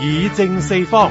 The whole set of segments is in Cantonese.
議政四方。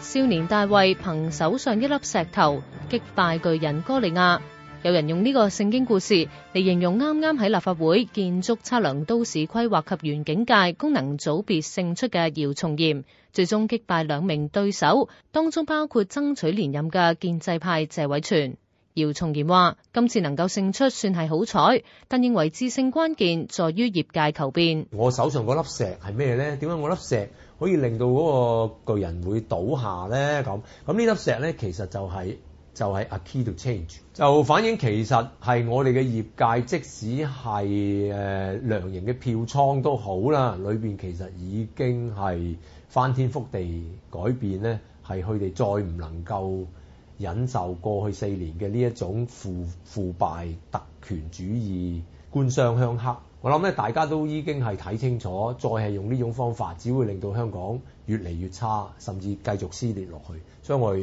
少年大衛憑手上一粒石頭擊敗巨人哥利亞。有人用呢個聖經故事嚟形容，啱啱喺立法會建築測量、都市規劃及園境界功能組別勝出嘅姚松炎，最終擊敗兩名對手，當中包括爭取連任嘅建制派謝偉全。姚松炎話：今次能夠勝出算係好彩，但認為致勝關鍵在於業界求變。我手上嗰粒石係咩咧？點解我粒石可以令到嗰個巨人會倒下咧？咁咁呢粒石咧，其實就係、是、就係、是、a key to change，就反映其實係我哋嘅業界，即使係誒量型嘅票倉都好啦，裏邊其實已經係翻天覆地改變咧，係佢哋再唔能夠。忍受過去四年嘅呢一種腐敗腐敗、特權主義、官商鄉黑，我諗咧大家都已經係睇清楚，再係用呢種方法，只會令到香港越嚟越差，甚至繼續撕裂落去。所以我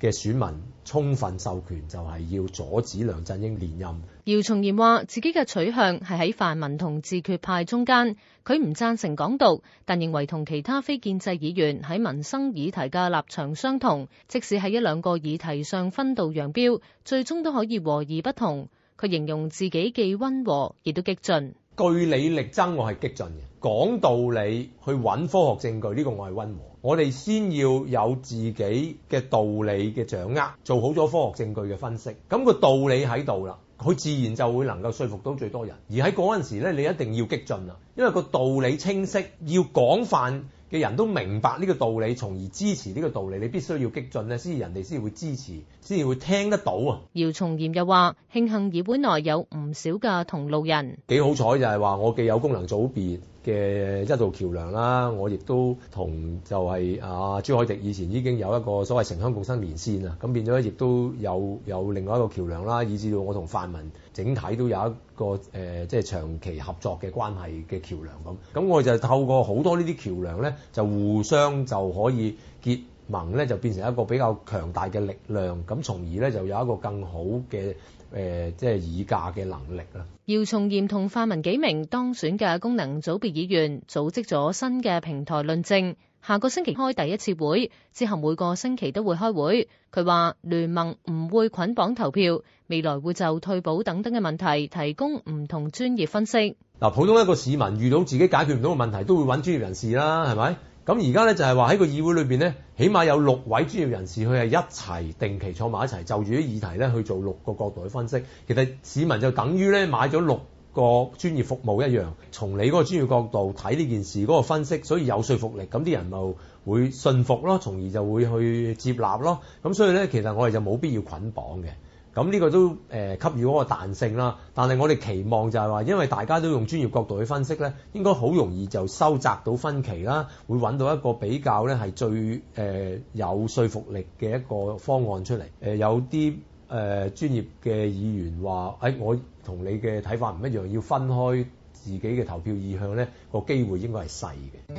嘅選民充分授權，就係要阻止梁振英連任。姚松炎話：自己嘅取向係喺泛民同自決派中間，佢唔贊成港獨，但認為同其他非建制議員喺民生議題嘅立場相同，即使喺一兩個議題上分道揚鑣，最終都可以和而不同。佢形容自己既溫和，亦都激進。據理力爭我係激進嘅，講道理，去揾科學證據，呢個我係溫和。我哋先要有自己嘅道理嘅掌握，做好咗科學證據嘅分析，咁個道理喺度啦，佢自然就會能夠說服到最多人。而喺嗰陣時呢，你一定要激進啊，因為個道理清晰，要廣泛嘅人都明白呢個道理，從而支持呢個道理。你必須要激進咧，先至人哋先會支持，先至會聽得到啊！姚松炎又話，慶幸議會內有唔少嘅同路人，幾好彩就係話我既有功能組別嘅一道橋梁啦，我亦都同就係啊朱凱廸以前已經有一個所謂城鄉共生連線啦，咁變咗亦都有有另外一個橋梁啦，以至到我同泛民整體都有一。個誒、呃，即係長期合作嘅關係嘅橋樑咁，咁我哋就透過好多呢啲橋樑咧，就互相就可以結盟咧，就變成一個比較強大嘅力量，咁從而咧就有一個更好嘅誒、呃，即係議價嘅能力啦。姚松炎同泛民幾名當選嘅功能組別議員組織咗新嘅平台論政。下個星期開第一次會，之後每個星期都會開會。佢話聯盟唔會捆綁投票，未來會就退保等等嘅問題提供唔同專業分析。嗱，普通一個市民遇到自己解決唔到嘅問題，都會揾專業人士啦，係咪？咁而家咧就係話喺個議會裏邊呢，起碼有六位專業人士，佢係一齊定期坐埋一齊就住啲議題呢去做六個角度嘅分析。其實市民就等於呢買咗六。個專業服務一樣，從你嗰個專業角度睇呢件事嗰個分析，所以有說服力，咁啲人咪會信服咯，從而就會去接納咯。咁所以呢，其實我哋就冇必要捆綁嘅。咁呢個都誒給予嗰個彈性啦。但係我哋期望就係話，因為大家都用專業角度去分析呢，應該好容易就收窄到分歧啦，會揾到一個比較呢係最誒有說服力嘅一個方案出嚟。誒有啲。誒專業嘅議員話：誒我同你嘅睇法唔一樣，要分開自己嘅投票意向咧，個機會應該係細嘅。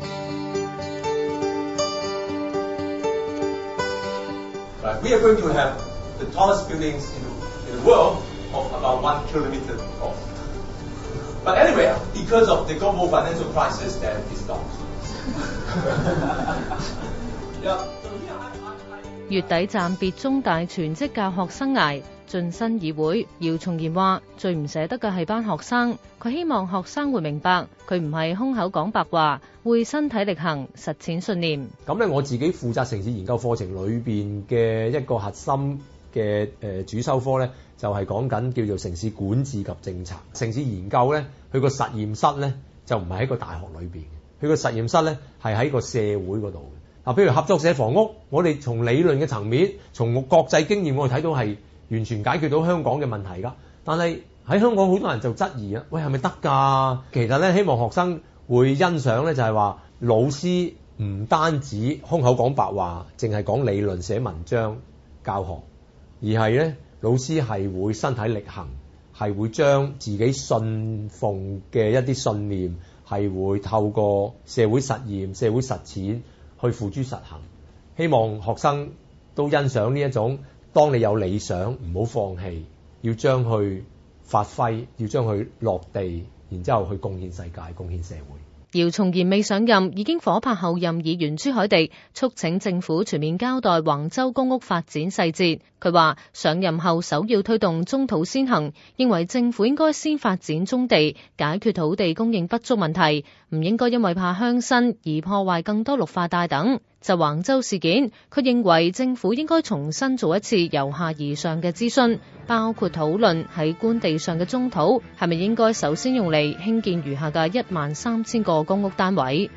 月底暫別中大全職教學生涯，晉身議會，姚松炎話最唔捨得嘅係班學生，佢希望學生會明白佢唔係空口講白話，會身體力行實踐信念。咁咧，我自己負責城市研究課程裏邊嘅一個核心嘅誒主修科咧，就係講緊叫做城市管治及政策。城市研究咧，佢個實驗室咧就唔係喺個大學裏邊，佢個實驗室咧係喺個社會嗰度。嗱，比如合作社房屋，我哋從理論嘅層面，從國際經驗，我哋睇到係完全解決到香港嘅問題㗎。但係喺香港好多人就質疑啊，喂，係咪得噶？其實咧，希望學生會欣賞咧，就係話老師唔單止空口講白話，淨係講理論、寫文章、教學，而係咧，老師係會身體力行，係會將自己信奉嘅一啲信念，係會透過社會實驗、社會實踐。去付諸實行，希望學生都欣賞呢一種：“當你有理想，唔好放棄；要將佢發揮，要將佢落地。”然之後，去貢獻世界，貢獻社會。姚松炎未上任，已經夥拍候任議員朱凱廸，促請政府全面交代橫洲公屋發展細節。佢話上任後首要推動棕土先行，認為政府應該先發展棕地，解決土地供應不足問題，唔應該因為怕鄉紳而破壞更多綠化帶等。就橫洲事件，佢認為政府應該重新做一次由下而上嘅諮詢，包括討論喺官地上嘅棕土係咪應該首先用嚟興建餘下嘅一萬三千個公屋單位。